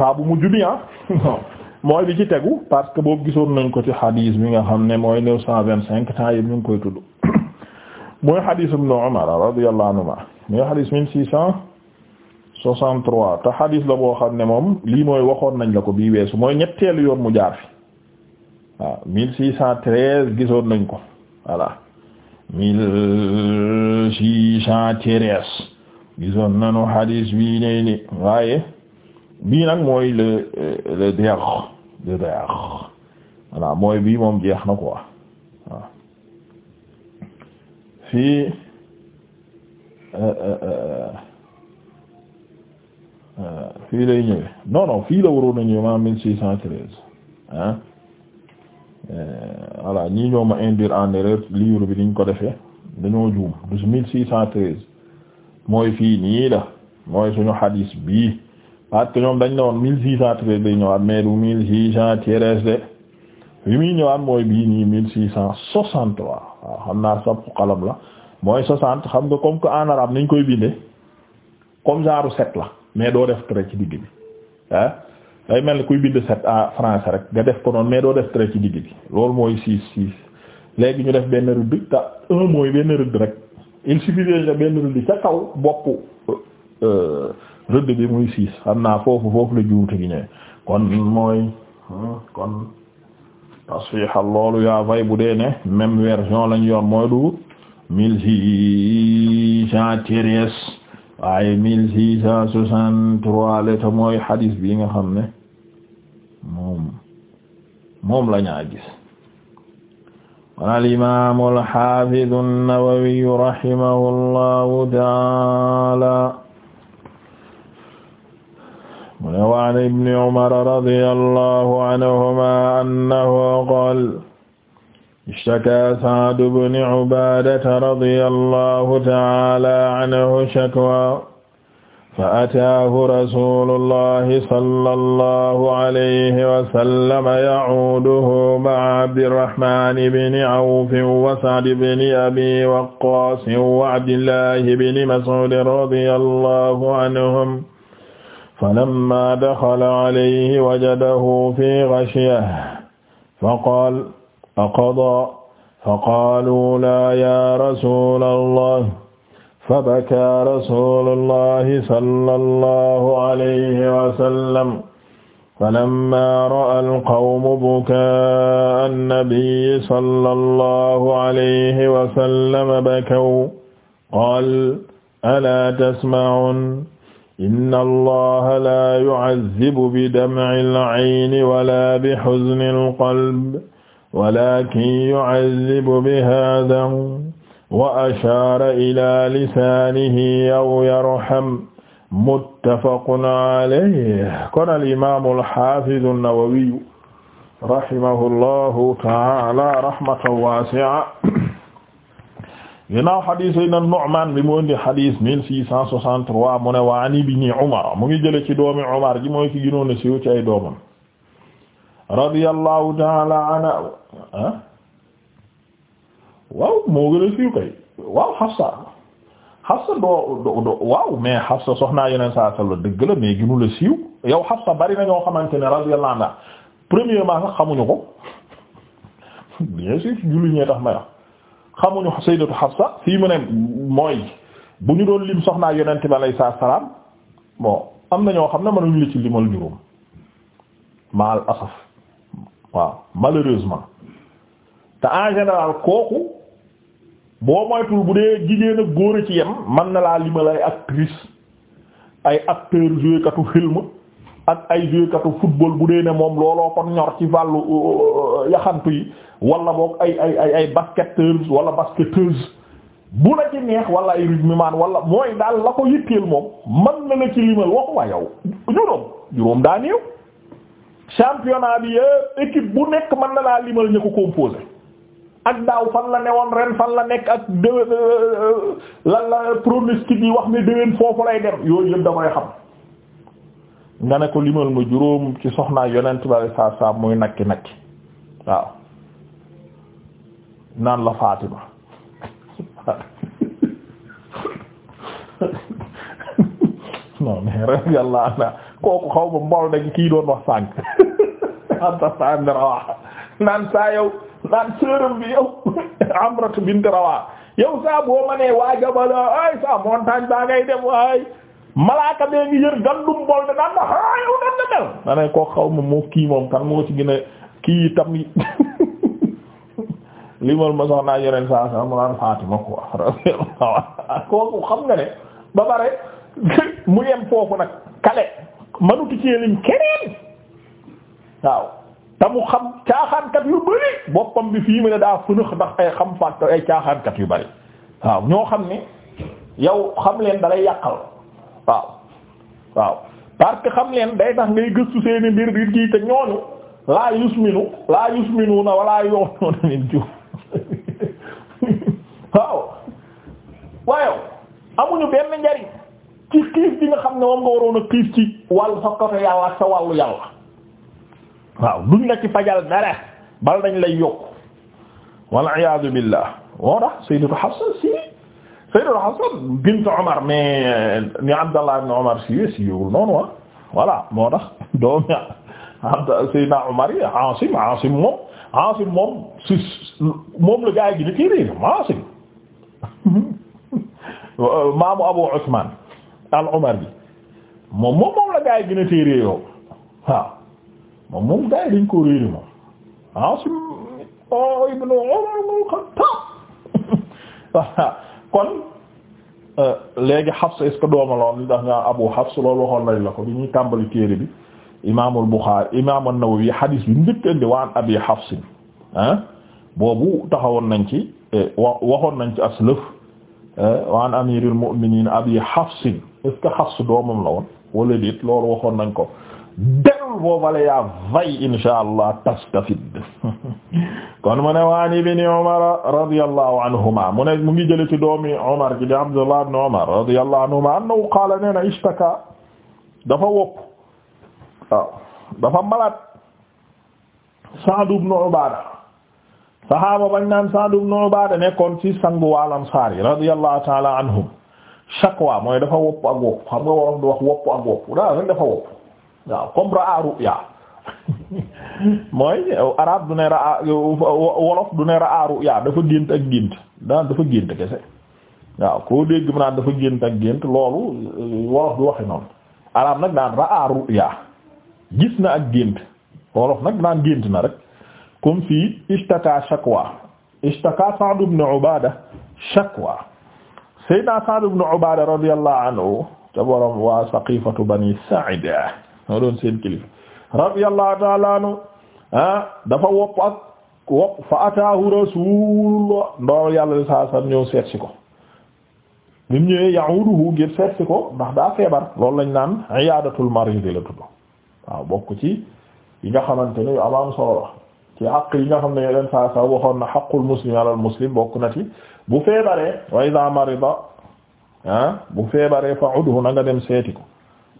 pas bu mujj bi ah. mooy bi ci tegu parce que boobu gisoon nañ ko ci xadiis bi nga xam ne mooy neuf cent vingt cinq temps yëpp ñu ngi koy tudd mooy xadiis ibnu Umar radiyallahu anhuma mooy xadiis mille six cent soixante-trois te xadiis la boo xam ne moom lii mooy waxoon nañ la ko bii weesu mooy ñetteelu yoon mu jaar fi waaw mille six cent treize gisoon nañ ko voilà mille six cent treize gisoon nañu xadiis bii ne waaye bii nag mooy le euh, le der le der voilà mooy bii moom jeex na quoi waaw fii euh, euh, fii lay ñëwee non non fii la waroon a ñëw ma mille six cent treize ah voilà ñii ñoo ma induire en erreur livre bi niñ ko defee dañoo juum mooy fii nii la mooy suñu hadis bii parce que ñoom dañ ne woon mille six cent treize day ñëwaat mais du mille six cent treize de li muy ñëwaat mooy bii nii mille six cent soixante trois waaw xam naa sapp xalam la mooy soixante xam nga comme que en arabe niñ koy bindee comme genre sept la mais doo def trait ci digg bi ah day mel ni kuy bind sept en français rek nga def ko noonu mais doo def trait ci digg bi loolu mooy six six léegi ñu def benn rëdd te un mooy benn rëdd rek il suffisait benn rëdd ca kaw bopp euh, rëdd bi muy six xam naa foofu foofu la juuti gi ñëwee kon mooy hmm, kon tasfixal loolu yaa fay bu dee ne même version lañ yor mooy du mille six cent treize waaye mille six cent soixante trois la te mooy xadis bi nga xam ne moom moom la ñaa gis قال الإمام الحافظ النووي رحمه الله تعالى mu ne wa an ibni umara radiyallahu anhuma annahu qaala ishtakaa Sa'd ibn Ubaadata radiyallahu ta'aala anhu shakwaa fa'ataahu rasuulullahi sallallahu alayhi wa sallam ya'uuduhu ma'a Abdirrahmaan ibn Awf wa Sa'd ibn Abi Waqqaas wa Abdillahi ibn Mas'uud radiyallahu anhum falamma daxala alayhi wajadahu fi ghashiyah faqaal aqadaa faqaaluu laa yaa rasuulallah fabakaa rasuulullahi sallallahu alayhi wa sallam falammaa ra'al qawmu bukaa annabiyyi sallallahu alayhi wa sallam bakaw qaal alaa tasma'uun inna allaha laa yu'azzibu bi dam'il 'ayni wala bi huznil qalbi walaakin yu'azzibu bi haadaa wa ashaara ilaa lisaanihi aw yarham muttafaqun alayhi qaala al-imaamu al-haafidu an-nawawiyyu rahimahu allahu ta'aala rahmatan waasi'a ginaaw xadis ay na Nu'man bi mu indi xadis 1663 mu ne wa ani Umar mu ngi jële ci doomi Umar ji mooy ki gënoon ci ay doomam radiyallahu ta'ala anha ah waaw moo gën a siiw kay waaw Hafsa Hafsa doo waaw mais Hafsa soxnaa yeneen saa salla dëgg la mais gënu la siiw yow Hafsa bari na ñoo xamante ne radiyallahu anha sax xamuñu ko bien sûr julli ñee tax may xamuñu sayyidatu Hafsa fii mu ne mooy bu ñu doon lim soxnaa yonent bi alayhi salaam bon am na ñoo xam ne mënuñu li ci limal juróom maal asaf waaw malheureusement te en général kooku boo moytul bu dee jigéen ak góor a ci yem mën na laa limal ay actrice ay acteur joué film ak ay joykatu football bu dee ne moom looloo kon ñor ci wàllu euh, yaxantu yi wala boog ay ay ay ay basketteurs wala basketteuses bu la ci neex wala ay rugbyman wala mooy daal la ko yitteel moom man na la ci limal waxu waa yow juróom juróom daa néew championnat bi équipe bu nekk mën na laa limal ñu ko composé ak daaw fan la ne woon ren fan la nekk ak déwén euh, euh, lan la pronostic yi wax ne déwén foofu lay dem yooyu yëpp da koy xam nga ko limal ma juróom ci soxnaa yonent ba ay saa saa muy nakki nakki waaw naan la Fatima non mais radiyallahu anha kooku xaw ma mbool dañ kii doon wax sànq Anta saa am Rawaha saa yow naan sërëm bi yow Amratu bint Rawaha yow saa boo ma nee waa jabala ay saa montagne baa ngay dem ay. malaaka bee ngi yër gandum bool da daan na haa ah, yow daan mel ma ne ko xaw ma moo kii moom kan moo ci gën a kii itam li moom ma naa yeneen saa saa mu naan Fatima quoi kooku xam nga ne ba pare mu yem foofu nag kale manu ci lim keneen waaw te xam caaxaankat yu bari boppam bi fii mu ne daa fënëx ndax ay xam fàtt ay caaxaankat yu bari waaw ñoo xam ne yow xam leen dalay yàqal waaw waaw parce que xam leen day tax ngay gëstu seeni mbir di kii te ñooñu laa yusminu laa yusminu na wala yoonoo na nit jiw waaw waaye amuñu benn njariñ ci xiif bi nga xam ne moom nga waroon ci wàllu sa côté yàlla ak sa wàllu yàlla waaw duñ la ci fajal dara bal dañ lay yokk wal iyaadu billah moo tax sayyidatu Hafsa si Sayyidul Hasan bint Umar mais ni euh, Abdallah ibn Umar siiwee siiwul noonu ah voilà moo tax doomu Abd Sayyidina Umar yi Asim Asim moom Asim euh, moom moom la gaa yi di kii réer Asim Abu Usman al-Umar bi moom moom la gaa yi gën a moom moom gaa yi ko réeri moom Asim oh, ibn Umar moom xam kon euh, léegi Hafs est-ce que doomaloon li tax nga Abu Hafs loolu waxoon nañ la ko bi ñuy tàmbali téere bi imaamul Buxaari imaam an-Nawawi hadis bi waan Abi Hafs ah boobu taxawoon nañ ci eh, waxoon nañ ci aslëf eh, waan amirul mu'minin Abi Hafs est-ce que Hafs doomam la woon wala déet loolu waxoon nañ ko dellu boobale yaa vay insha allah tastafid kon mu ne waan ibni Umar radiyallahu anhuma mu ne mu ngi jële ci doomi Umar ji di Abdullah ibn Umar radiyallahu anhuma annahu qaala nee ishtaka dafa wopp dafa malaat Sa'd ibn Ubaada sahaaba bañ naan Sa'd ibn Ubaada nekkoon ci sangu wal yi radiyallahu ta'ala anhum shakwa mooy dafa wopp ak wopp daa rek dafa wopp waaw comme ra'a mooy arab du ne raa wolof du dafa gént ak gént daan dafa gént kese waaw koo dégg mu naan dafa gént ak gént loolu euh, wolof du waxi noonu arab nag daan raaru yaa gis ak gént wolof nag naan gént na rek comme fii ishtaka shakwa ishtaka Sa'd ibn Ubaada shakwa sayyidina Sa'd ibn Ubaada radiyallahu anhu te waa saqifatu bani Sa'ida moo doon seen kilifa radiyallahu ta'ala anhu ah dafa wopp ak wopp fa ataahu rasulullah ndoo yàlla saa saa ñëw seet si ko bi mu ñëwee ya'uduhu ngir seet si ko ndax daa feebar loolu lañ naan iyaadatul marid la tudd waaw bokk ci yi nga xamante ne yu amaam solo la ci àq yi nga xam ne yeneen saa saa waxoon na xaqul muslim alal muslim bokk na ci bu feebaree wa iza marida ah bu feebaree fa udhu na nga dem seeti ko.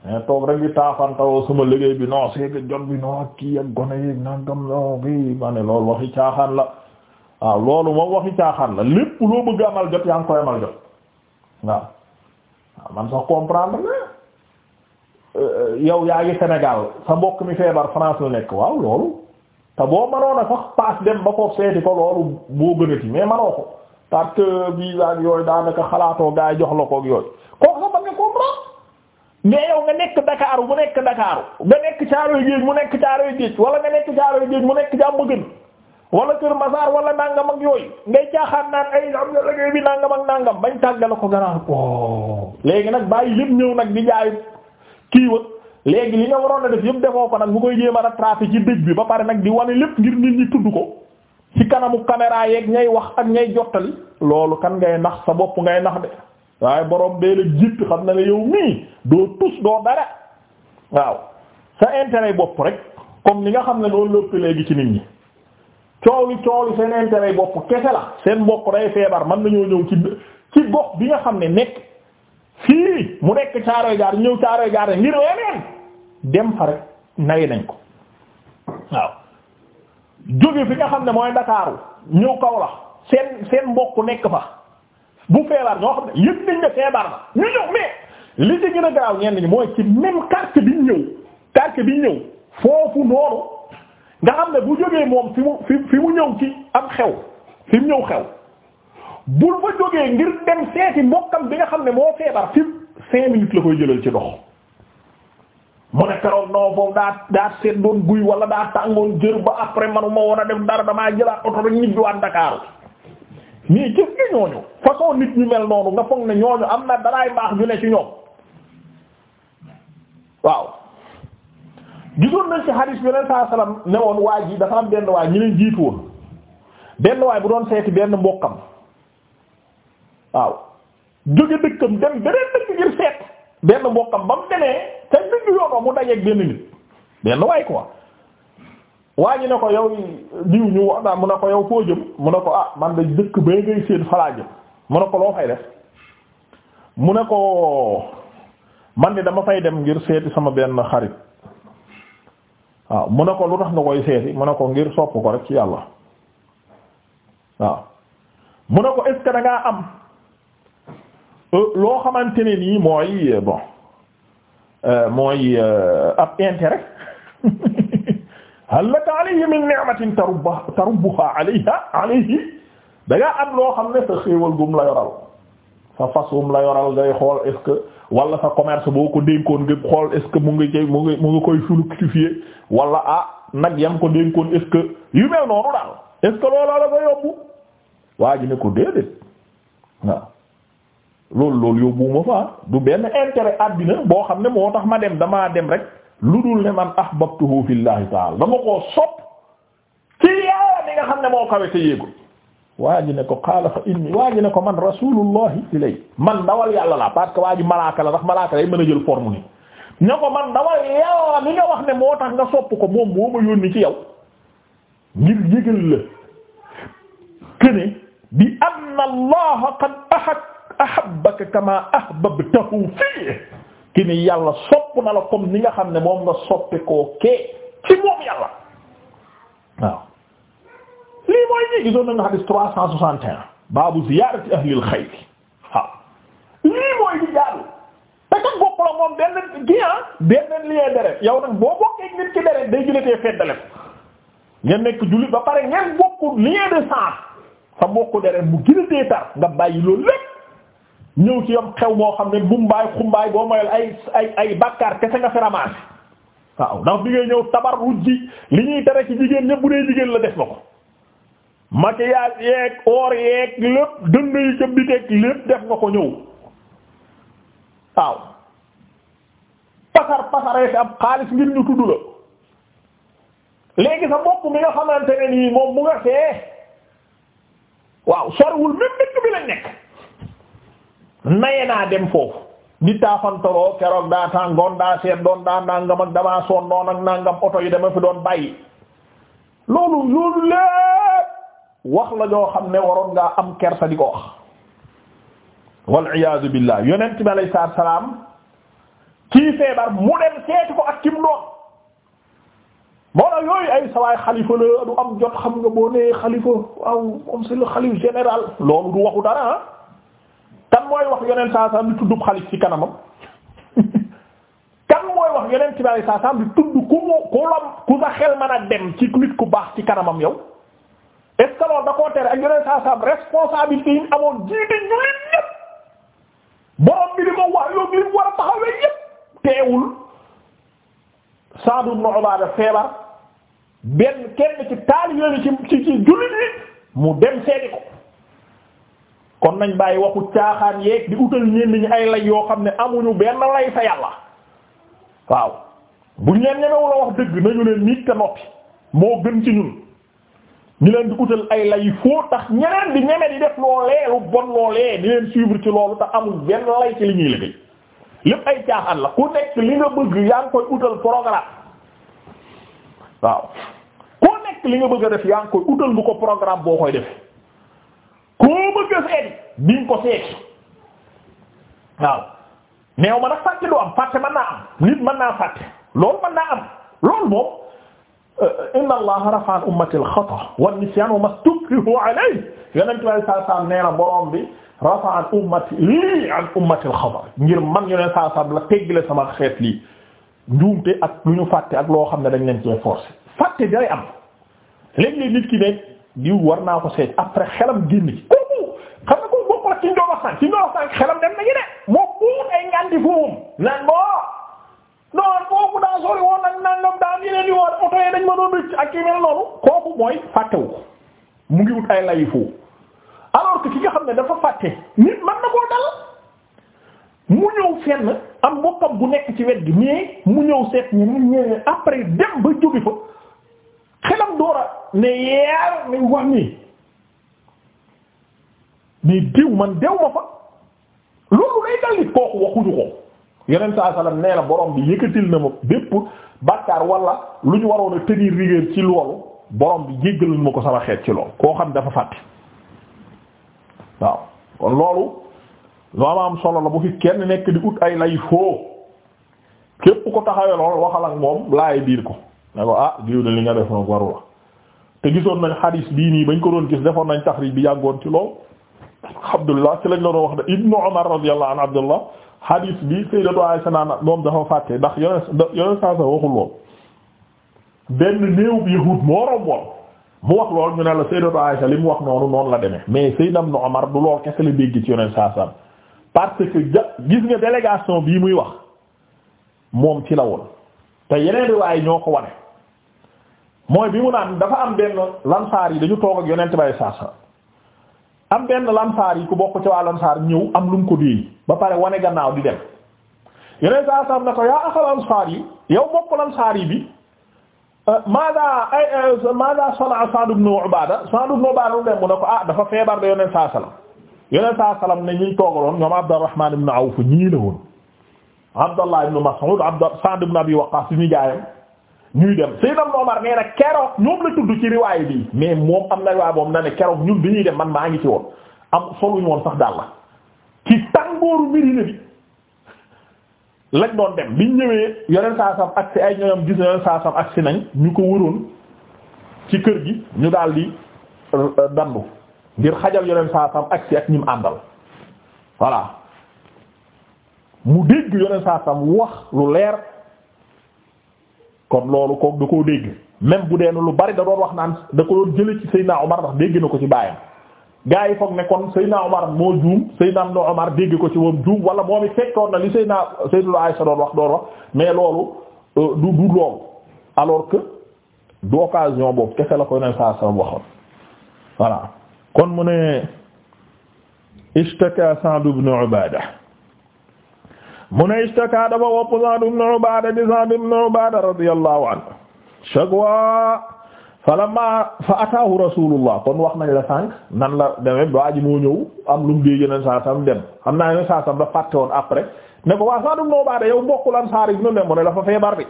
mais eh, toog rek di taafantaloo sama liggéey bi non c'est que jot bi non ak kii ak gone yeeg nangam non bi ma ne loolu waxi caaxaan la waaw loolu moom waxi caaxaan la lépp loo bëgg amal jot yaa ngi koy amal jot waaw man sax comprendre na eh, yow yaa ngi Sénégal sa mbokk mi feebar France la nekk waaw loolu te boo mënoon a sax paas dem ba ko seeti ko loolu boo gënati mais mënoo ko parce que bii daal yooyu daanaka xalaatoo gaa yi jox la koog yooyu kooku sax mais yow nga nekk Dakar mu nekk Dakar nga nekk Caaroy Géej mu nekk Caaroy Géej wala nga nekk Caaroy Géej mu nekk jàmm gën wala Kër Masar wala nangam ak yooyu ngay caaxaan naan ay am na liggéey bi nangam ak nangam bañ tàggale ko garaan oh léegi nag bàyyi yëpp ñëw nag di jaay kii wa léegi li nga waroon a def yëpp defoo ko nag bu koy jéem a rattrapé ci dëj bi ba pare nag di wane lépp ngir nit ñi tudd ko ci kanamu caméra yeeg ñay wax ak ñay jottali loolu kan ngay nax sa bopp ngay nax de. waaye borom bee la xam na ne yow mii doo tus doo dara waaw sa intérêt bopp rek comme ni nga xam ne loolu lëpp léegi ci nit ñi coow li coow li seen intérêt bopp kese la seen mbokk day feebar mën nañoo ñëw ci ci gox bi nga xam ne nekk fii mu nekk caaroy gaar ñëw caaroy gaar ngir weneen dem fa rek nawe nañ ko waaw jóge fi nga xam ne mooy Ndakaaru ñëw kaw la seen seen mbokk nekk fa bu feebar ñoo xam ne yëpp nañ ne feebar na ñu ñëw mais ñenn ñi mooy ci même quartier bi ñëw quartier bi ñëw foofu noonu nga xam ne bu jógee moom fi mu fi mu ñëw ki am xew fi mu ñëw xew bul ba jógee ngir dem seeti mbokkam bi nga xam ne moo feebar fi cinq minutes la koy jëlal ci dox mu ne keroog non foofu daa daa seet doon guy wala daa tàngoon jër ba après manuma woon a def dara damaa jëlaat oto rek ñibbiwaat Dakar mais gis nga ñooñu façon nit ñu mel noonu nga foog ne ñooñu am na daraay baax ñu ne ci ñoom waaw gisoon nañ ci hadith bi leen saa salaam ne woon waa ji dafa am benn waay ñu leen jiitu woon benn waay bu doon seeti benn mbokkam waaw jóge dëkkam dem dëkk ngir seet benn mbokkam ba mu demee te dëgg yoon mu dajeek benn nit benn waay quoi. waa ñu ne ko yow diw ñu wax mu ne ko yow foo jëm mu ne ko ah man da dëkk ba ngay séen falaa jëm mu ne ko loo fay def mu ne ko man de dama fay dem ngir seeti sama benn xarit waaw mu ne ko lu tax nga koy seeti mu ne ko ngir sopp ko rek ci yàlla waaw mu ne ko est-ce am euh, loo xamante ne nii mooy euh, bon euh, mooy ab intérêt hal laka alayhi min ni'matin tarubba tarubbuha alayha alayhi da ngaa am loo xam ne sa xéewal gum la yoral sa fasum la yoral ngay xool est-ce que commerce boo ko dénkoon nga est-ce que mu ngi mu ngi mu ngi koy fructifier wala ah nag yam ko dénkoon est-ce que yu mel noonu daal est-ce que looloo la yóbbu waa ji ko déedéet waaw loolu loolu yóbbuwuma fa du benn intérêt àddina boo xam ne moo tax ma dem damaa dem rek. lu dul ne man ahbabtuhu fillahi ta'ala dama koo sopp ci yàlla mi nga xam ne moo kawe te yéegul waa ji ne ko qaala fa inni waa ne ko man rasulullahi ilay man dawal yàlla la parce que waa ji malaaka la ndax malaaka lay mën a jël forme ni ne ko man dawal yàlla mi nga wax ne moo tax nga sopp ko moom moo ma yónni ci yow ngir yëgal la kene bi anna allaha qad ahab ahabbaka kama ahbabtahu fihi ki ni yàlla sopp na la kom ni nga xam ne moom nga soppe koo kee ci moom yàlla waaw lii mooy ñii gisoon nañu hadith trois cent soixante et baabu ziyaarati ahlil xayr lii mooy di jaaru te kat bokk la moom benn gian ah. benn lien deret yow nag boo bokkee nit ki deret day juletee feddale ko ngeen nekk jullit ba pare ngeen bokku lien de sang sa bokku deret mu gënatee tar nga bàyyi loolu lépp ñëw ci yom xew moo xam ne bumbaay xumbaay boo moyal ay ay ay bàkkaar kese nga fi waaw ndax bi ngay ñëw tabar ji li ñuy tere ci jigéen ñépp bu dee jigéen la def na ko maquillage yeeg or yeeg lépp dënd yi ca biteeg lépp def nga ko ñëw waaw pasar pasaree fi am xaalis ngir ñu tudd la léegi sa bopp mi nga xamante ne nii moom mu nga fee waaw sorwul même dëkk bi lañ nekk naye naa dem foofu di taafantaloo keroog daa tàngoon daa seet doon daa nangam ak damaa soon noon ak nangam oto yi dama fi doon bàyyi loolu loolu lépp wax la ñoo xam ne waroon ngaa am kersa di ko wax wal iyaadu billaah yonent bi alayhi salaam kii feebar mu dem seeti ko ak kim doon moo la yooyu ay sawaay xalifa la du am jot xam nga boo nee xalifa waaw moom c'est le xalif général loolu du waxu dara ah. mooy wax yonent saa saam di tudd ci kanamam kan mooy wax yonent bi saa saam di tudd ku ku baax ci kanamam yow est-ce que loolu da koo tere ak yonent saa saam responsabilité amoon jiite ñu leen ñépp borom bi di wax yow li war a taxawee yépp teewul Saad ibn Ubaada feebar benn kenn ci taal yooyu ci jullit yi mu dem seeti ko. kon nañ bàyyi waxu caaxaan yeeg di utal ñeen ñi ay lay yoo xam ne amuñu benn lay fa yàlla waaw buñ leen ñemewul a wax dëgg nañu leen nit te noppi moo gën ci ñun ñu leen di utal ay lay foo tax ñeneen di ñeme di def loolee lu bon loolee di leen suivre ci loolu te amul benn lay ci li ñuy liggéey lépp ay caaxaan la ku nekk li nga bëgg yaa ngi koy utal programme waaw ku nekk li nga bëgg a def yaa ngi koy utal bu ko programme boo koy def nga seeti biñ ko seeti waaw neew ma nag fàtte du am fàtte mën naa am nit mën naa fàtte loolu mën naa am loolu moom euh, inna allaha rafa'a an ummati al-khata wa an-nisyan wa ma stukrihu alayhi yonent bi saa saa nee na borom bi rafa'a an ummati lii an ummati al ngir man yonent saa saa la teggile sama xeet lii njuumte ak lu ñu fàtte ak loo xam ne dañ leen cee forcer fàtte day am léeg nit ki ne diw war naa ko seet après xelam génn ci waxuma ci njobaxtaan ci njobaxtaan xelam dem nañu de moo buur ay nganti fuum naan boo noonu kooku daa sori woon ak nangam daal yeneen yi oto yi dañ ma doon rëcc ak yi noonu kooku mooy fàttewu ko mu ngi wut ay layi foofu alors que ki nga xam ne dafa fàtte nit mën na koo dal mu ñëw fenn am mbokkam bu nekk ci wet gi mais mu ñëw seet ñi nit ñëwee après dem ba jóge fa xelam doora ne yeer nañ wax nii mais diw man dew ma fa loolu lay dal nit kooku waxuñu ko yeneen saa salaam nee na borom bi yëkkatil na ma bépp bàkkaar wala lu ñu waroon a tenir rigueur ci loolu borom bi jéggalul ma ko sama xeet ci loolu koo xam dafa fàtte waaw kon loolu lu am am solo la bu fi kenn nekk di ut ay lay foo képp ko taxawee lool waxal ak moom laay biir ko ne ko ah diw de li nga def nag waru la te gisoon nañ xadiis bii nii bañ ko doon gis defoon nañ taxriij bi yàggoon ci loolu Abdullah ci lañ la doon wax de Ibnu Umar radiyallahu anhu Abdullah hadis bi Sayyidatu Aisha naan moom dafa fàtte ndax yeneen yeneen saa sa waxul lool benn néew bi moo romboon mu wax loolu ñu ne la Sayyidatu Aisha li mu wax noonu noonu la demee mais Sayyidna Ibnu Umar du lool kese la dégg ci yeneen saa sa parce que gis nga délégation bii muy wax moom ci la woon te yeneen riwaay ñoo ko wane mooy bi mu naan dafa am benn lansaar yi dañu toog ak yonent am benn lansaar yi ku bokk ci waa saar ñëw am lu mu ko déey ba pare wane gannaaw di dem yeneen saa saam na ko yaa axal ansaar yi yow bokk lansaar yi bi euh, maada ay euh, maada sana Sa'd ibn Ubaada Sa'd ibn Ubaada dem mu ne ko ah dafa feebar de yeneen saa salam yeneen saa salam ne ñuy toogaloon ñoom Abdurrahmaan ibn Awf ñii la woon Abdallah ibn Mas'ud Abd Sa'd ibn Abi Waqqaas ñu jaayam ñuy dem Seydina Omar nee na keroog ñoom la tudd ci riwaay bi mais moom am na riwaay boobu na ne keroog ñun bi ñuy dem man maa ngi ci woon am soluñu woon sax daal la ci tàngooru Medina bi lañ doon dem biñ ñëwee yoneen saasam ak si ay ñoom gis na yoneen saasam ak si nañ ñu ko wëroon ci kër gi ñu daal di euh, dandu ngir xajal yoneen saasam ak si ak ñim àndal voilà mu dégg yoneen saasam wax lu leer kon loolu kook da koo dégg même bu dee lu bari da doon wax naan da ko doon jële ci Seydina Omar ndax dégg na ko ci baayam gaa yi foog ne kon Seydina Omar moo juum Seydina am dégg ko ci moom juum wala moom it fekkoon na li Seydina Seydina Aysa doon wax doon wax mais loolu euh, du du loolu alors que du occasion boobu kese la koy ne saa waxoon voilà kon mu ne ishtaka Sa'd ibn Ubaada mu ne istaka dafa wopp Sa'd ibn Ubaada di Sa'd ibn Ubaada radiyallahu anhu shakwa falamma fa ataahu rasulullah kon wax nañ la sànq nan la demee waa ji moo ñëw am lu mu dee yeneen saa sam dem xam naa ne saa sam da fàtte woon après ne ko waa Sa'd ibn Ubaada yow bokkul Ansaar yi ñu ne mu ne dafa feebar bi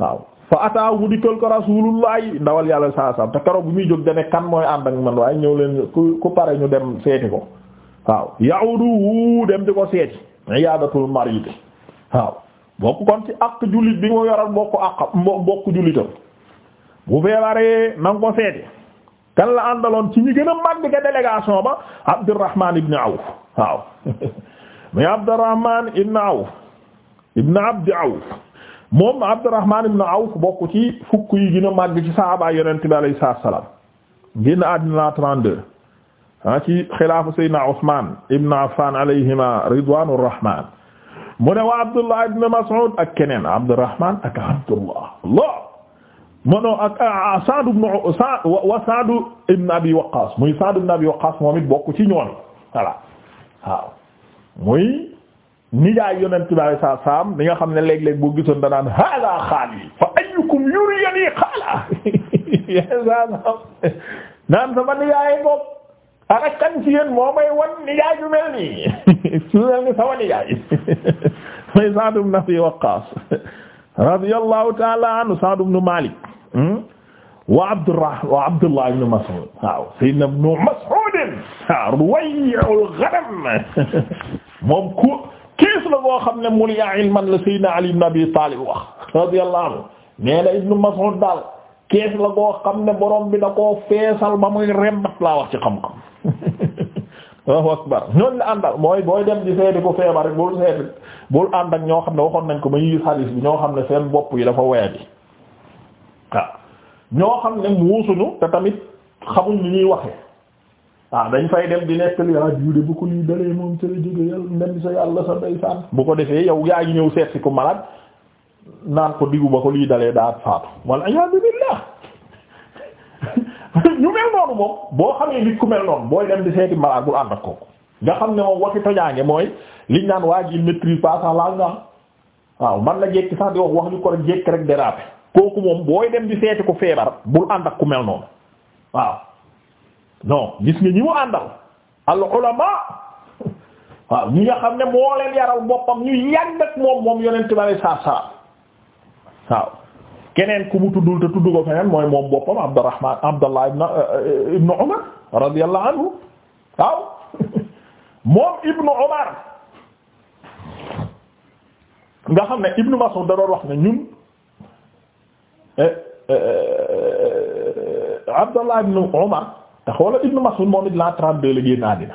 waaw fa ataahu dikkal ko rasulullah ndawal yàlla saa sam te keroog bi muy jóg dane kan mooy ànd ak man waaye ñëw leen ku ku pare ñu ko waaw ya'udu dem iyaadatul marid waaw bokk kon ci àq jullit bi nga yoral bokk àq bokk jullitam bu feebaree na nga ko la àndaloon ci ñi gën a mag ga délégation ba Abdurrahman ibn ibn Awf ibn Abd ibn Awf bokk ci fukk yi gën a mag ci sahaaba yonent bi alayhi salaam génn àddina la 32 ah ci xilaafu sayyidina Usmaan ibn Affaan alayhima ridwaanu rahmaan mu ne wa Abdullah ibn Mas'ud ak keneen Abdurrahmaan ak Abdullah Allah mënoo ak ah, ah, Sa'd ibn Sa'd wa Sa'd ibn Abi Waqqaas muy Sa'd ibn Abi Waqqaas moom it bokk ci ñoom voilà waaw muy nijaay Yonent bi sallallahu alayhi wa sallam mi nga xam ne léeg-léeg boo gisoon da naan haaza xaalii fa ayyukum yuriyanii xaala naan sama nijaay bokk ana kan ci yéen moo may wan nijaay ju mel nii su mel ni sama nijaay may Sa'd ibn Abi Waqqas radiyallahu ta'ala anhu Sa'd ibn Malik hmm? wa Abdurrahman wa Abdullah ibn Mas'ud waaw sayyidna ibn Mas'ud ruwayul ghanam moom ku kiis la boo xam ne mulia ilman la sayyidna Ali ibn Abi Talib wax radiyallahu anhu nee na ibn Mas'ud daal kiis la boo xam ne borom bi da koo feesal ba muy rembat laa wax ci xam-xam waaw akbar ñooñ la àndal mooy booy dem di seeti ko feebar rek bul seeti bul ànd ak ñoo xam ne waxoon nañ ko ba ñuy gis xaalis bi ñoo xam ne seen bopp yi dafa waya bi waaw ñoo xam ne muusuñu te tamit xamuñ li ñuy waxee waaw dañ fay dem di nekk li ah jiwde bu ko lii dalee moom sa la jóge yàlla ndem sa yàlla sa ndeysaan bu ko defee yow yaa ngi ñëw seet si ko malade naan ko diggu ba ko lii dalee daat faatu walla iyaazu billaah ñu mel noonu moom boo xamee nit ku mel noonu booy dem di seeti malade bul ànd ak kooku nga xam ne moom waxi tojaange mooy liñ naan waa ji maîtrise pas sa langue ah. waaw man la jekki sax di wax wax ñu ko rek jekki rek déraper kooku moom booy dem di seeti ko feebar bul ànd ak ku mel noonu waaw non gis nga ñi mu àndal al ulama waaw ñi nga xam ne moo leen yaral boppam ñu yàgg ak moom moom yonent bi sallallahu alayhi waaw keneen ku mu tuddul te tudd ko feneen mooy moom boppam Abdurrahman Abdallah eh, eh, Umar radiyallahu anhu waaw moom ibnu Umar nga xam ne ibnu Mas'ud da doon wax ne ñun eh, Abdallah ibn Umar te ibnu Mas'ud moom it la 32 la génn àddina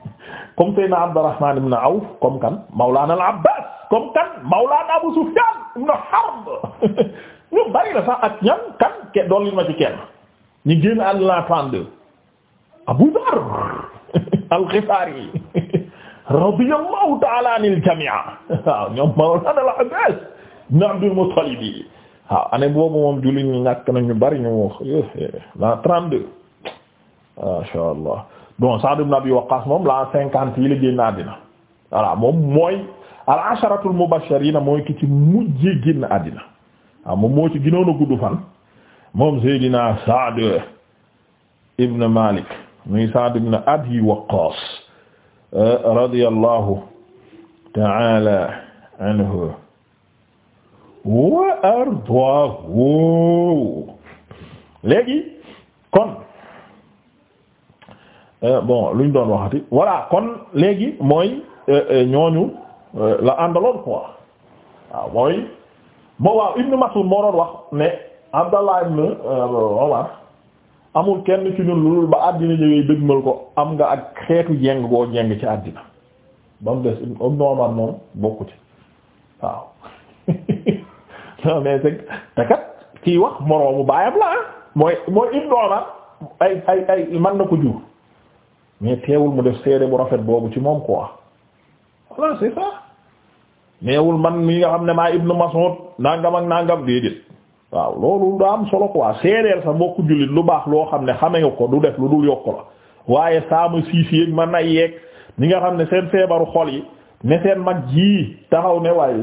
comme Seydina Abdurrahman ibn Awf comme kan Mawlana al-Abbas comme kan Mawlana Abu Sufyan ibn Harb ñu bari la sax ak ñan kan ke ma ci kenn ñu génn àdduna 32 Abu Dar al-Ghifari radiyallahu ta'ala anil jami'a waaw ñoom Mawlana al-Abbas ibn Abdul Muttalib waaw année boobu moom jullit ñi ñàkk nañu bari ñu wax eh, eh, la 32 masha Allah bon Sa'd ibn Abi Waqqas moom la 50 yi la génn àddina voilà moom mooy al-asharatul mubashirin mooy ki ci mujj génn àddina am moo ci ginoon a gudd fan moom Seydina Saad ibn Malik muy Saad ibn Abi Waqqas radiyallahu ta'ala anhu wa ardaahu léegi kon bon luñ doon waxati voilà kon léegi mooy ñooñu la àndaloon quoi waaw moo waaw Ibn Mas'ud moo doon wax ne Abdallah ibn Umar euh, amul kenn ci ñun loolu ba àddina ñëwee dëgmal ko am nga ak xeetu jeng boo jeng ci àddina ba mu des Ibn Umar moom bokku waaw non mais c'est te kat kii wax moroomu baayam la ah mooy mooy Ibn Umar na ko jur mais teewul mu def seede bu rafet boobu ci moom koo voilà neewul man mi nga xam ne maa ibnu Mas'ud nangam ak nangam déedéet waaw loolu daa am solo ko waa seedeel sa mbokku jullit lu baax loo xam ne xame nga ko du def lu dul yokk la waaye saama siisiyeg ma nay yeeg ñi nga xam ne seen feebaru xol yi ne seen mag jii taxaw ne waaye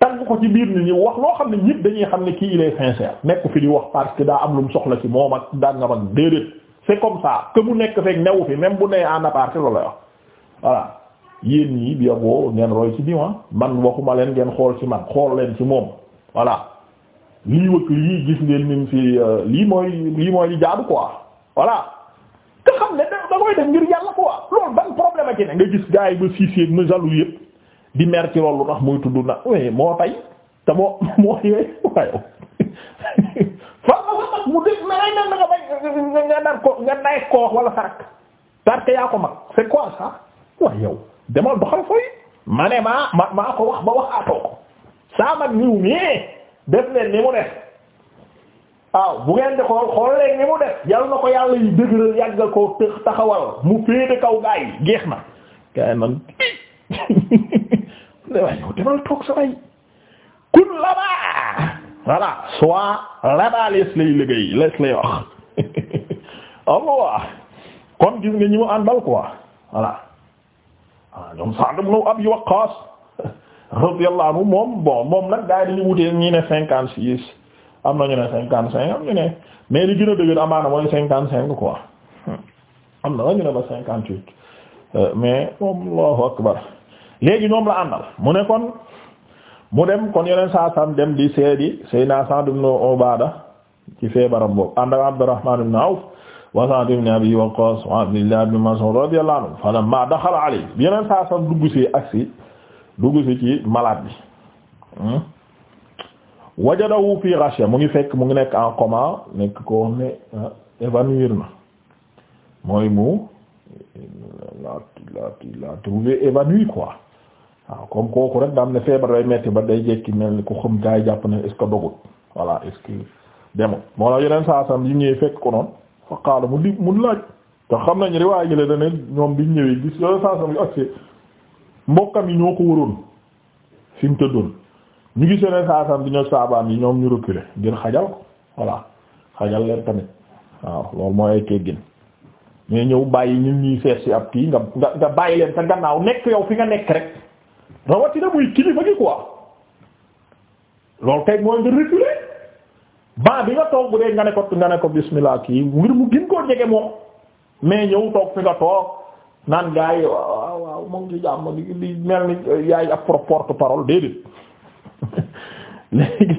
tagg ko ci biir nit ñi wax loo xam ne ñépp dañuy xam ne kii il est sincère nekk fi di wax parce que daa am lu mu soxla ci moom ak dangam ak déedéet c'est comme ça que mu nekk fekk newu fi même bu nee en aparté loolu la wax yéen ñii bi yaboo ngeen roy ci diwan ah, man waxuma leen ngeen xool ci man xool leen ci moom voilà lii wëkk lii gis ngeen nim fi euh, lii mooy lii mooy li jaadu quoi voilà te ne ci loolu muy tudd na oui ko nga nay koox wala yaa ko mag c'est quoi ça yow demal doxal fooy ma ne maa ma maa ko wax ba waxaatoo ko saa mag niw mii def leen ni mu def waaw bu ngeen di xool xool leen ni mu def yal na ko yàlla yu dëgëral yàggal koo tëx taxawal mu féete kaw gaa yi na gaa yi demal toog sa way kun labaa voilà soit labaa lees lay liggéey lees lay wax am waa kon gis nga ñi mu àndal quoi voilà waaw ah, ñoom Sa'd ibn Abi Waqqas radiyallahu anhu moom bon moom nag gaa yi dañu wutee ñi ne cinquante six am na ñu ne cinquante cinq am ñu ne mais li gën a dëgër amaana mooy cinquante cinq quoi am na ñu ne ba cinquante huit euh, mais moom Allahu akbar léegi ñoom la àndal mu ne kon mu dem kon yeneen saa sam dem di seedi Seydina Sa'd ibn Ubaada ci feebaram boobu ànd ak Abdurrahmaan ibn Awf waa Sa'd ibn Abi Waqqas wa Abdullah ibn Mas'ud radiyallahu anhu falamma daxala yeneen saa sax dugg si agsi dugg si ci malade bi hmm? wajadahu fi ghashya mu ngi fekk mu ngi nekk en coma nekk ko wax ne ah, évanouir na mooy mu la la la trouvé évanoui quoi waaw ah, comme kooku rek daam ne feebar day metti ba day jekki mel ni ku xam gaa jàpp ne est dogut voilà est-ce moo la yeneen saa sam yi ñëwee fekk ko noonu fa qaala mu di mu laaj te xam nañ riwaay yi la dane ñoom biñ ñëwee gis yooyu saa sam yu agsee mbokkam yi ñoo ko waroon fi mu tëddoon ñu gis yoneen saa sam di ñoo saabaam yi ñoom ñu reculer ngir xajal ko voilà xajal leen tamit waaw loolu mooy ay teggin mais ñëw bàyyi ñun ñuy fees ci ab kii nga nga nga bàyyi leen sa gannaaw nekk yow fi nga nekk rek rawatina muy kilifa gi quoi loolu tey mooy nga reculer ban bi nga toog bu dee nga ne ko nga ne ko bismillah kii ngir mu gën koo jege moom mais ñëw toog fi nga toog naan gars yi waaw waaw mu ngi jàmm di mel ni yaay ab porte-parole déedéet léegi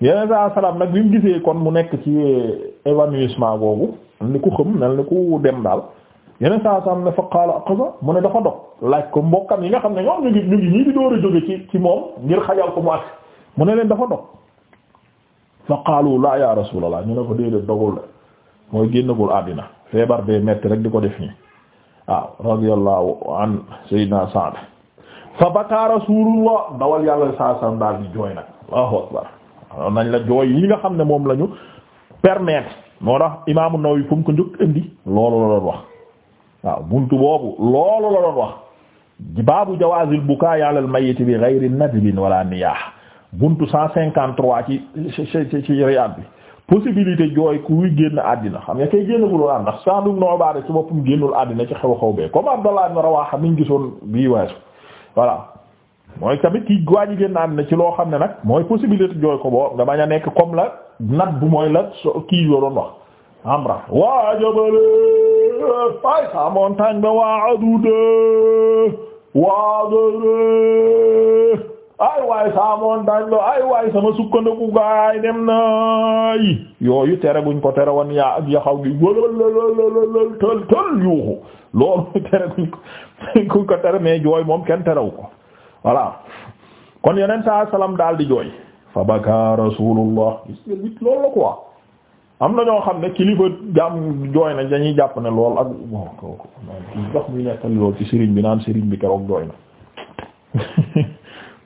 yeneen saa salaam nag bi mu gisee kon mu nekk ci évanouissement boobu ni ku xam mel ni ku dem daal yeneen saa salaam ne fa qaala aqza mu ne dafa dox laaj ko mbokkam yi nga xam ne ñoom ñu ngi ñu ngi ñii di door a jóge ci ci moom ngir xajal ko mu ak mu ne leen dafa dox. fa qaalu la ya rasulallah ñu ne ko déedéet dogul de mooy génnagul àddina feebar bee metti rek di ko def nii waaw radiyallahu an sayyidina Sa'd fa baka rasulullah dawal yàlla saa san daal di jooy nag allahu akbar nañ la jooy yi nga xam ne moom lañu ñu permettre moo tax imaamu Nawawi fu mu ko njëkk indi loolu la doon wax waaw buntu boobu loolu la doon wax baabu jawaazil bukaa ala al mayyit bi ghayri nadbin wala niyaaha buntu cent cinquante trois ci ci ci Riyad bi possibilité jooy kuy génn àddina xam nga kay génnaguloo ànd ndax Sa'd ibn Ubaada ci boppam génnul àddina ci xew xew bee comme Abdallah ibn Rawaha mi ñu gisoon bii weesu voilà mooy tamit kii waa ji génn àddina ci loo xam ne nag mooy possibilité jooy ko boo nga bañ a nekk comme la nat bu mooy la so kii yoo doon wax amra waa jabale ay sa montagne ba waa adude waa ay waay sa montagne ba ay waay sama sukkandiku gaay dem na yooyu tere guñ ko tere woon yaa ak yaxaw gi wëlëllll tël tël yuuxu loolu tere guñ ko tere mais jooy moom kenn terewu ko voilà kon yeneen sa salam daal di jooy fa baka rasulullah it loolu la quoi am na ñoo xam ne kilifa jàmm jooy na dañuy jàpp ne lool ak bon kooku man kii lool ci sëriñ bi naan sëriñ bi keroog jooy na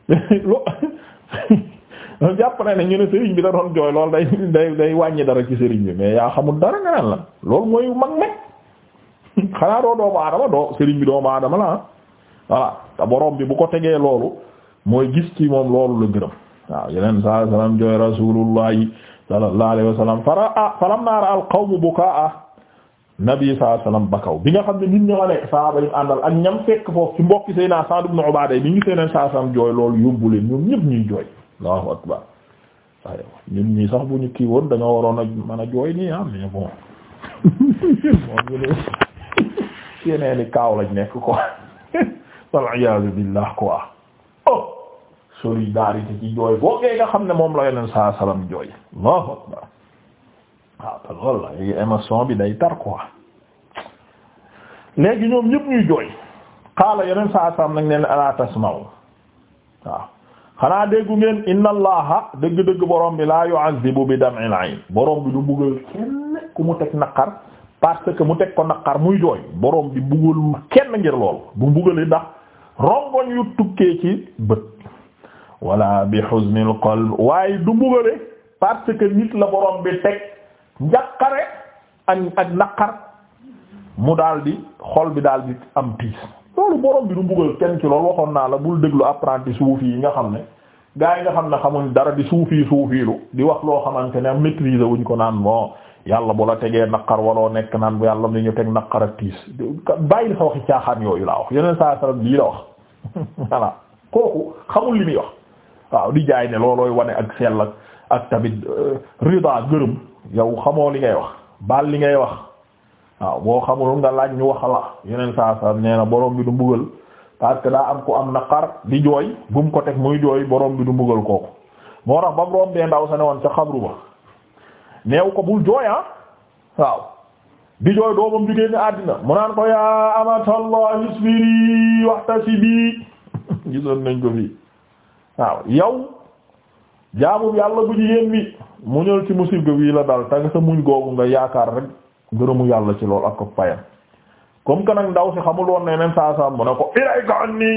lo jàpp na ne ñu ne sëriñ bi da doon jooy lool day day wàññi dara ci sëriñ bi mais yaa xamul dara nga naan la loolu mooy mag meg xanaa doo doomu aadama doo sëriñ bi doomu aadama la ah voilà boroom bi bu ko tegee loolu mooy gis ci moom loolu la gërëm waaw yeneen saa salaam jooy rasulullah sallallahu alayhi wa sallam fara ah falam al qawmu bukaa nabi sallallahu alayhi wasallam bakaw bi nga xam ne nit ñoo ne sahaaba yi àndal ak ñam fekk foofu ci mbokki Seydina Sa'd ibn Ubaada bi ñu Seydina sallallahu alayhi wasallam jooy loolu yóbbu leen ñoom ñëpp ñuy jooy Allahu akbar waaye ñun ñii sax bu ñu kii woon da waroon a mën a jooy nii ah mais bon moom ñu yeneeni kaaw lañ nekk ko wal iyaazu billah quoi oh solidarité ci jooy boo gee nga xam ne moom la yeneen sallallahu alayhi wasallam jooy Allahu akbar waaw te loolu émotion bi day tar léegi ñoom ñëpp ñuy jooy xaala yeneen saa saam nag ne leen ala tasma'u waaw xanaa déggu ngeen inna allaha dëgg-dëgg borom bi la yu'azzibu bi dam'il 'ayn borom bi du buggal kenn mu teg naqar parce mu teg ko naqar muy jooy borom bi buggalul kenn ngir lool bu buggali ndax rongoñ yu tukkee ci bët wala bi huznil qalb waaye du buggale parce que nit la borom bi teg njaqare ak ak naqar mu daal di xol bi daal di am tiis loolu borom bi du mbugal kenn ci loolu waxoon naa la bul déglu apprenti suufi yi nga xam ne gaa yi nga xam ne xamuñ dara di suufi suufiilu di wax loo xamante ne maîtriser wuñ ko naan moo yàlla bu la tegee naqar waloo nekk naan bu yàlla li ñu teg naqar ak bàyyi bàyyil sa waxi caaxaan yooyu laa wax yeneen saa salam lii la wax voilà kooku xamul li muy wax waaw di jaay ne loolooy wane ak sell ak tamit euh, yow xamoo li ngay wax baal li ngay wax waaw boo xamul nga laaj ñu wax la yeneen saa saa nee na borom bi du mbugal parce que daa am ku am naqar di jooy bu ko teg muy jooy boroom bi du mbugal kooku moo tax ba mu rombee ndaw sa ne woon ca xabru ba neew ko bul jooy ah waaw di jooy doomam ju génn àddina mu naan ko yaa amatallah isbiri waxtasibi gisoon nañ ko fii waaw yow jaamu yàlla bu jigéen bi muñal ci musiba wii la dal tanga sa muñ googu nga yaakaar rek ngërëmu yàlla ci lool ak ko payam comme que ndaw si xamul woon ne neen saa saa mu ne ko ilayka anni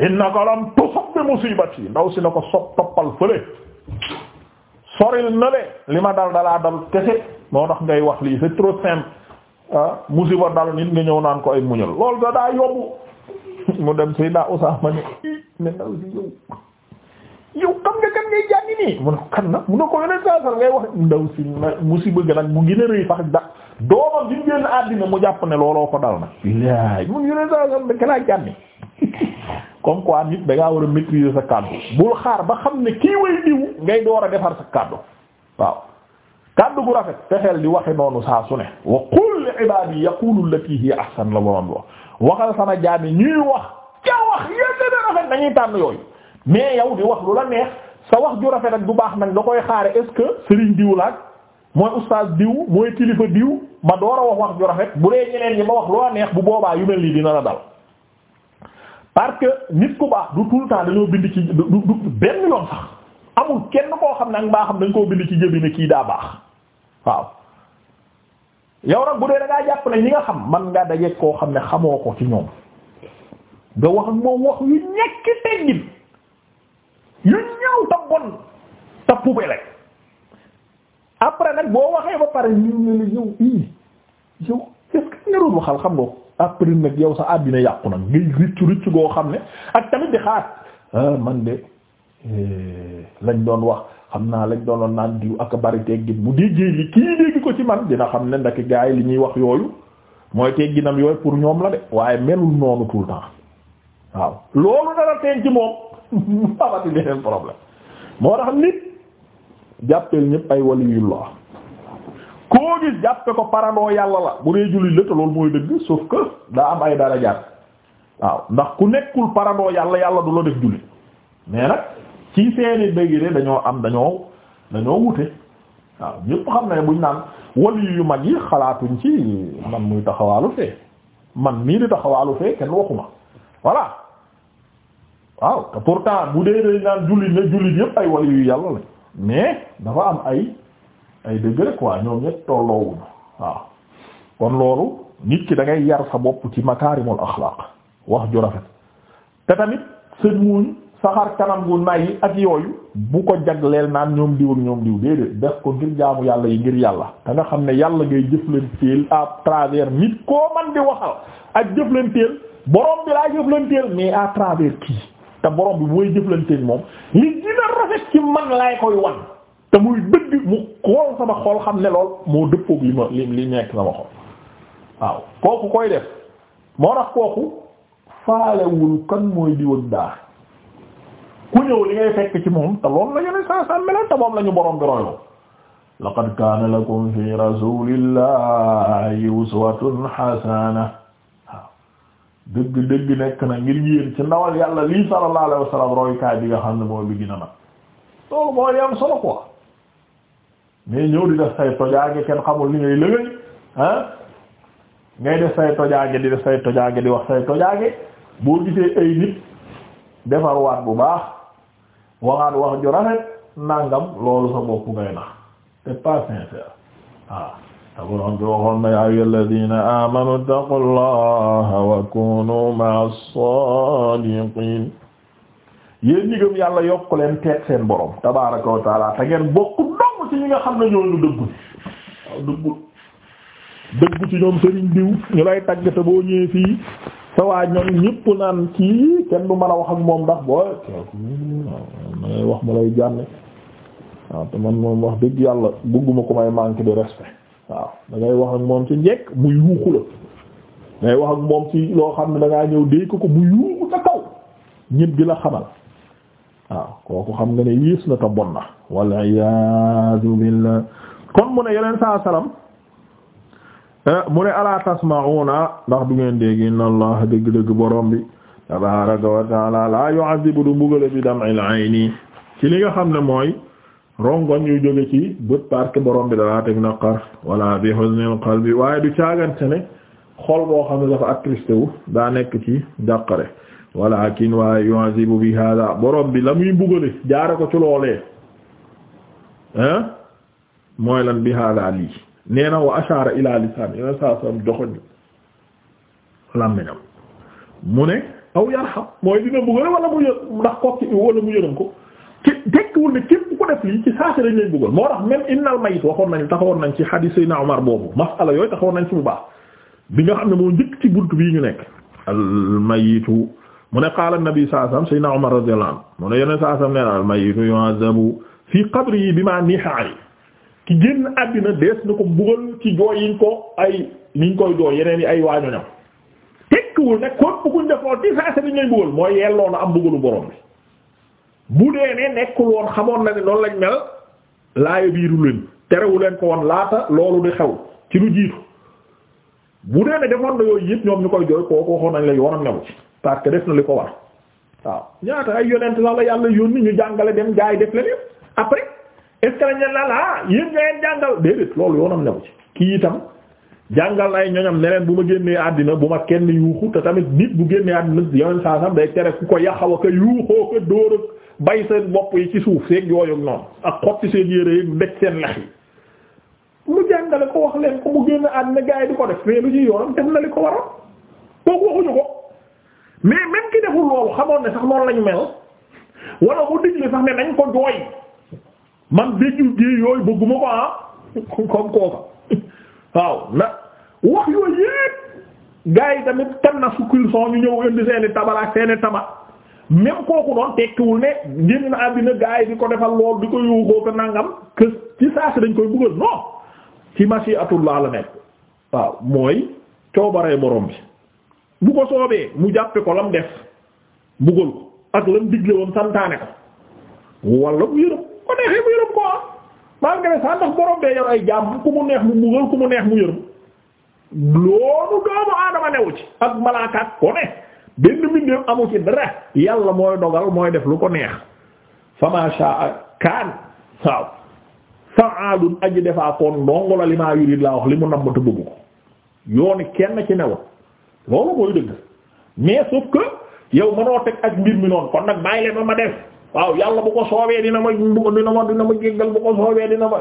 innaka lam tusab bi musibati ndaw si na ko sob toppal fële soril na le li ma dal dalaa dal kese moo tax ngay wax lii c'est trop simple ah dal nit nga ñëw naan ko ay muñal loolu da daa yobbu mu dem si naa Usaama ne i ne ndaw si yow yow xam nga kan ngay jàngi nii mu ne ko kan na mu ne ko yeneen saa sal ngay wax ndaw si musiba gën ak mu gën a rëy fax dax doomam bi génn àddina mu jàpp ne looloo ko dal na laay mun yeneen saa sal da kalaa jànni comme quoi nit da war a maîtriser sa kàddu bul xaar ba xam ne kii way diw ngay door a defar sa kàddu waaw kàddu gu rafet fexeel di waxe noonu saa su ne wa qul li ibadi yaqulu allati hiya ahsan la boroom bi wax waxal sama jaami ñuy wax ca mais yow di wax lu la neex sa wax ju rafet ak du baax nag da koy xaare est-ce que Serigne diw laak mooy oustaz diw mooy kilifa diw ma door a wax wax ju rafet bu dee ñeneen ñi ma wax lu la neex bu boobaa yu mel nii dina la dal. parce que nit ku baax du tout temps dañoo bind ci du du benn yoon sax amul kenn koo xam ne ak mbaaxam dañ koo bind ci jëbi ne kii daa baax waaw. yow nag bu dee da ngaa jàpp ne ñi nga xam man ngaa dajeeg koo xam ne xamoo ko ci ñoom moom yu ñaaw ta bon ta poubelle après nag boo waxee ba pare ñu ne la yow ii yow est-ce que xam nga nag yow sa àddina yàqu nag ngay rëccu rëccu goo xam ne ak tamit di xaar ah man de eh, lañ doon wax xam naa lañ doon naan diw ak bari teggin bu déggee li kii dégg ko ci man dina xam ne ndaki gaa yi li ñuy wax yooyu mooy tegginam yooyu pour ñoom la de waaye melul noonu tout le temps waaw loolu dara teen ci moom. mu amati beneen problème moo tax nit jàppeel ñëpp ay waliyullah koo gis jàppe ko paradoo yàlla la bu dee jullit la te loolu mooy dëgg sauf que daa am ay darajaat waaw ndax ku nekkul paradoo yàlla yàlla du la def jullit mais nag ci seeni dëgg de dañoo am dañoo dañoo wute waaw ñëpp xam ne buñ naan wali yu mag yi xalaatuñ ci man muy taxawaalu fee man mii di taxawaalu fee kenn waxuma voilà waaw te pourtant bu dee dañ naan jullit ne jullit yëpp ay wali yu yàlla la mais dafa am ay ay degré quoi ñoom ñett tolloowuñu waaw kon loolu nit ki da yar sa bopp ci makaarimul axlaaq wax ju rafet te tamit sëñ muñ saxar kanam gu nay ak yooyu bu ko jagleel naan ñoom diw ñoom diw déedéet def ko ngir jaamu yàlla yi ngir yàlla da xam ne yàlla ngay jëflanteel à travers nit koo man di waxal ak jëflanteel borom bi laa jëflanteel mais à travers te borom bi mooy jëflanteeg moom li dina rafet ci man laay wan te muy dëgg mu xool sama xol xam ne lool moo dëppoog li ma li li kooku koy def moo tax kooku faalewul kan mooy diwag daa ku ñëw li ngay fekk ci moom te loolu la yeneen saa saa meleen te moom la ñu bi royoo laqad kaana lakum fi rasulillahi uswatun hasana dëgg dëgg nekk na ngir yéen ci ndawal yàlla lii sallallahu alayhi wasallam roykaay bi nga xam ne mooy bi gën a nag loolu mooy am solo quoi mais ñëw di def say tojaange kenn xamul li ngay lëgëy ah ngay def say tojaange di def say tojaange di wax say tojaange boo gisee ay nit defar waat bu baax waxaat wax ju rafet nangam loolu sa bopp ngay nax c'est pas sincère waaw taburon bi waxoon na yaa ayyuha alladina amanu ittaqullaha wa kunu ma'a sadiqin yéen ñi gëm yàlla yokk leen teet seen borom tabaraka wa te ngeen bokk dong ci ñi nga xam ne ñooñu dëggu dëggu ci ñoom sëriñ diw ñu lay tagg te boo ñëwee fii sa waa ñoom ñëpp naan kii kenn du mën a wax ak moom ndax boo ma lay wax ma lay jànne waaw te man moom wax dëgg yàlla bëgguma ko may manque de respect waaw da ngay wax ak moom ci njekk mu yuuxu la ngay wax ak moom ci loo xam ne da ñëw déy ko ko mu yuuxu sa kaw ñëpp la xamal waaw kooku xam nga ne yées na ta bon na wal iyaadu billah kon mu ne yeneen saa salaam eh, mu ne alaa tasma'una ndax du ngeen dégg inna allah dëgg-dëgg borom bi tabaaraka wa ta'ala la yu'azibu du mbugale bi dam'il ayni ci li nga xam ne mooy rongoñ yu jóge ci bët parce que borom bi dalaa teg naqar wala bi huznil qalbi waaye du caagante ne xol boo xam ne dafa attristé wu daa nekk ci jàqare walakin waaye yu'azibu bi hada borom bi la muy mbugale jaare ko ci loolee hein mooy lan bi hada lii nee na wa ashara lisaan ina saa sam joxoñ làmmiñam mu ne aw yarham mooy dina mbugale wala mu yë ndax ko ci wala mu yërëm ko tekkiwul ku def lii ci saasi lañ lay bëggoon moo tax même innal mayit waxoon nañu taxawoon nañ ci xadiis Seydina Omar boobu masala yooyu taxawoon nañ ci bu bi nga xam ne moo njëkk ci bunt bii ñu nekk al mayitu mu ne qaala nabi sallallahu alayhi wasallam Seydina Omar radiyallahu anhu mu ne yeneen sallallahu alayhi wasallam ne al mayitu yu'azabu fii qabrihi bimaa nihaa ki génn àddina dees na ko bëggoon ci jooy yiñ ko ay niñ koy jooy yeneen yi ay waañu ñam tekkiwul ne kon bëgguñ defoon ci saasi lañ lay bëggoon am bëggalu borom bi bu dee ne nekkul woon xamoon na ne noonu lañ mel laaya biiru leen terewu leen ko woon laata loolu di xew ci lu jiitu bu dee ne defoon na yooyu yëpp ñoom ñu koy jooy kooku waxoon nañ la yoonam newu ci parce que def na li ko war waaw ñaata ay yonent sax la yàlla yónni ñu jàngale dem jaay def leen yëpp la ah yéen nga leen jàngal déedéet loolu yoonam newu ci kii itam jàngal ay ñoñam neneen bu ma génnee àddina bu ma kenn yuuxu te tamit nit bu génnee àddina yonent saa sax day tere ku ko yaxaw a yuuxoo ko dóor bay seen bopp yi ci suuf seeg yooyu noonu ak xotti seen yére yi mbéj seen lex yi mu jàngale ko wax leen ko mu génn àddina gaa yi di ko def mais lu ñuy yoonam def na li ko waral kooku waxuñu ko mais même ki deful loolu xamoon ne sax noonu lañu mel wala ko digle sax ne nañ ko jooy man béjju gi yooyu bëgguma ko ah comme kooka waaw na wax yooyu yépp gaa yi tamit tam na sukkil son ñu ñëw indi seeni tabalaak seeni taba même kooku doon tekkiwul ne génn na àddina gaa yi ko defal lool di ko yuuxoo ko nangam que ci saa si dañ koy bëggal non ci mashiatullah la nekk waaw mooy coobaree borom bi bu ko soobee mu jàppe ko lam def bëggal ko ak lam digle woon santaane ah. ndax borom bee yor ay jaam ku mu neex mu bëggal ku mu neex mu yërëm loolu doomu aadama newu ci ak malaakaat ko ne benn mbindeef amu ci dara yàlla mooy dogal mooy def lu ko neex fa ma sha'a kaan waaw fa'aalun defaa koon ndongo la li maa yurid laa wax li mu namm te bëgg ko yooni kenn ci newoon loolu mooy dëgg mais sauf que yow mënoo teg ak mbir mi noonu kon nag bàyyi leen ma ma def waaw yàlla bu ko soobee dina ma dina ma dina bu ko soobee dina ma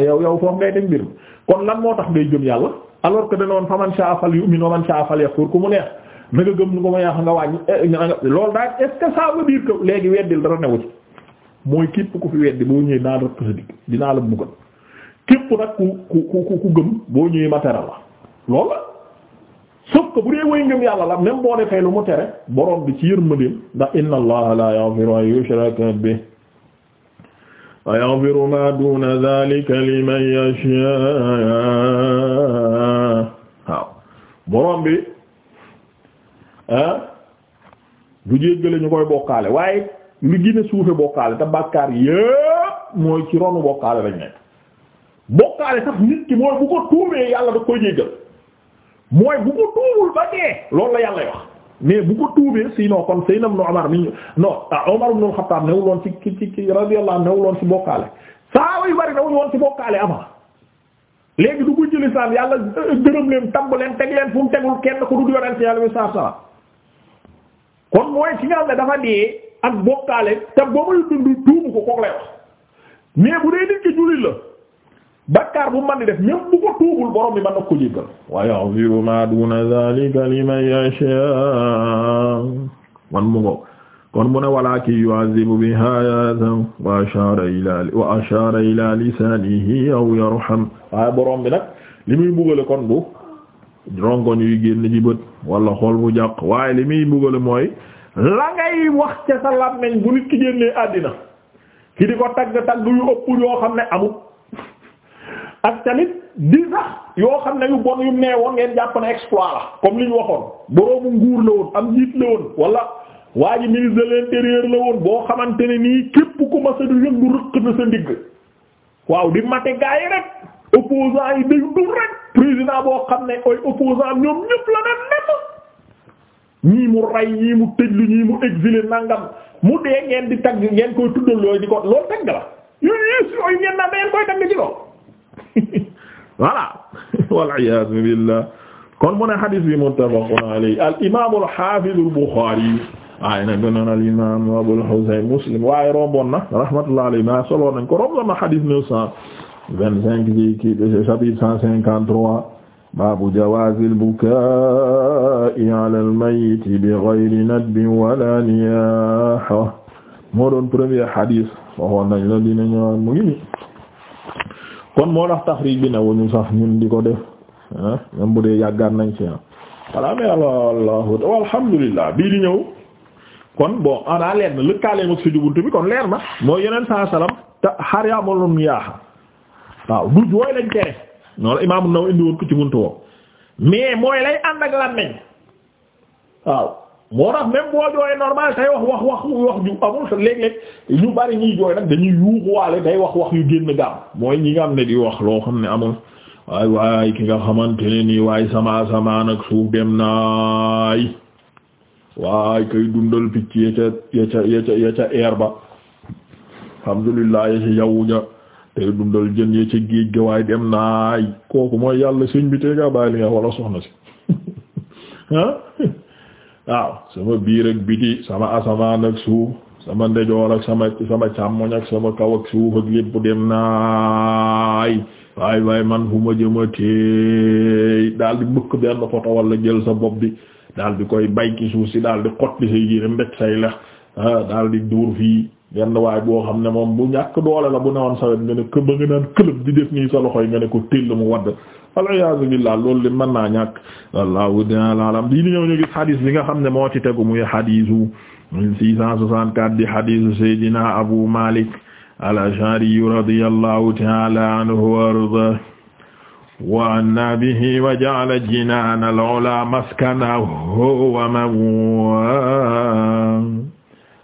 yow yow foofu ngay teg mbir mi kon lan moo tax ngay jëm yàlla alors que danoon fa man sha'a falyu'min wa man sha'a falyakfur ku mu neex na nga gëm nu nga ma yaax nga wàññi eh, loolu daal est-ce que ça veut léegi weddil dara newu ci mooy képp ku fi weddi boo ñëwee naa rëpp sa digg dinaa la mbugal képp nag ku ku ku ku gëm boo ñëwee ma tere la loolu la sauf que bu dee way ngëm yàlla la même boo defee lu mu tere borom bi ci yërmandeem ndax inna allaha la yaghfiru an yushraka bihi wa ma duna dhalika liman yasha waaw borom bi Ah du jéggale ñu koy bokkaale waaye li gën a suufe bokkaale te bàkkaar yépp mooy ci ronu bokkaale lañ nekk bokkaale sax nit ki mooy bu ko tuubee yàlla da koy jéggal mooy bu ko tuubul ba dee loolu la yàlla wax mais bu ko tuubee sinon kon Seydina Ibn Umar mi non ah Umar ibn al-Khattab newul woon ci ci ci radiyallahu anhu newul woon ci bokkaale saaba yu bari newul woon ci bokkaale ama léegi du ko jëli saan yàlla gërëm leen tabb leen teg leen fu mu tegul kenn ko du yonent yàlla kon mooy ci nga xam dafa dee ak bokkaale te boobu dund tuubu ko kook lay wax mais bu dee bakkaar bu man di def même bu ko tuubul borom bi mën na ko jéggal wa yaghfiru ma duna zalika liman yasha wan mu ngo kon mu ne walaki yu'azibu biha yaasam wa ashara ila wa ashara ila lisanihi aw yarham waaye borom bi nag li muy bugale kon du rongoñ yu génn ci bët wala xol bu jàq waaye li muy mbugale mooy la ngay wax ca sa làmmiñ bu nit ki génnee àddina ki di ko tagg tagg yu ëpp yoo xam ne amut ak tamit di sax yoo xam ne yu bon yu nee woon ngeen jàpp na exploit la comme li ñu waxoon boroomu nguur la woon am njiit la woon wala waa ji ministre de l'intérieur la woon boo xamante ne nii képp ku ma sa du yëngu rëq na sa ndigg waaw di mate rek opposants yi dañu dul rek président boo xam ne ay opposant ñoom ñëpp la na nemm ñii mu rey ñii mu tëjlu ñii mu mu dee ngeen di tagg ngeen koy tuddal looyu di ko loolu tagg la yooyu yées yooyu ngeen naan ngeen koy tagg ci loolu voilà waliyasu billah kon mu ne hadis bi muttafaqun alayhi al imam al hafiz al bukhari waaye al imam muslim waaye romboon na rahmatullah alayhi ma solo nañ ko romboon na hadis neuf cent vingt-cinq ci chapitre cent cinquante-trois baabu jawaazil bukaa'i alal mayyiti bi ghayri nadbin wala niyaaha moo doon premier hadith waxoon nañ la dina ñëwaat mu ngi kon moo tax taxriij bi ne wuñu sax ñun di ko def ah même bu dee yàggaat nañ ci ah voilà mais alhamdulilah alhamdulilah bii di ñëw kon bon ana leer na lëkkaale ak suñu kon leer na mooy yeneen saa salaam te xar yaa ma waaw du jooy lañ tere noonu la imaam Nawawi indi woon ci buntu woo mais mooy lay ànd ak làmmiñ waaw moo tax même boo jooyee tay wax wax wax ju amul léeg-léeg ñu bari ñuy jooy nag dañuy day wax wax yu génn gàmm mooy ñi nga am ne di wax loo xam ne amul waay waay nga xamante ne nii waay sama asamaan ak suuf dem naay waay kay dundal picc ya ca ya ba alhamdulillah ya ci tey dundal jën yi ci géej ga waaye dem naay kooku mooy yàlla sëñ bi tey nga bàyyi nga wala soxna si ah waaw sama biir ak biti sama asamaan ak suuf sama ndejoor ak sama sama càmmoñ ak sama kaw ak suuf ak lépp dem naay waay waay man fu ma jëma teey daal di bëkk benn xoto wala jël sa bopp bi daal di koy bay suuf si daal di xot di say yére mbéj say lex daal di duur fii benn waay boo xam ne moom bu ñàkk doole la bu newoon ne ba nga naan di def nii sa loxoy ne ko téll mu wadd aliyasu billah loolu li mën naa ñàkk ta'ala alam bii ni ñëw ñu gis bi nga xam ne moo ci tegu muy hadisu 1664 di hadisu Seydina Abu Malik al-Ash'ari radiyallahu ta'ala anna bihi wa ja'ala jinaana al-'ula maskanahu wa mawaa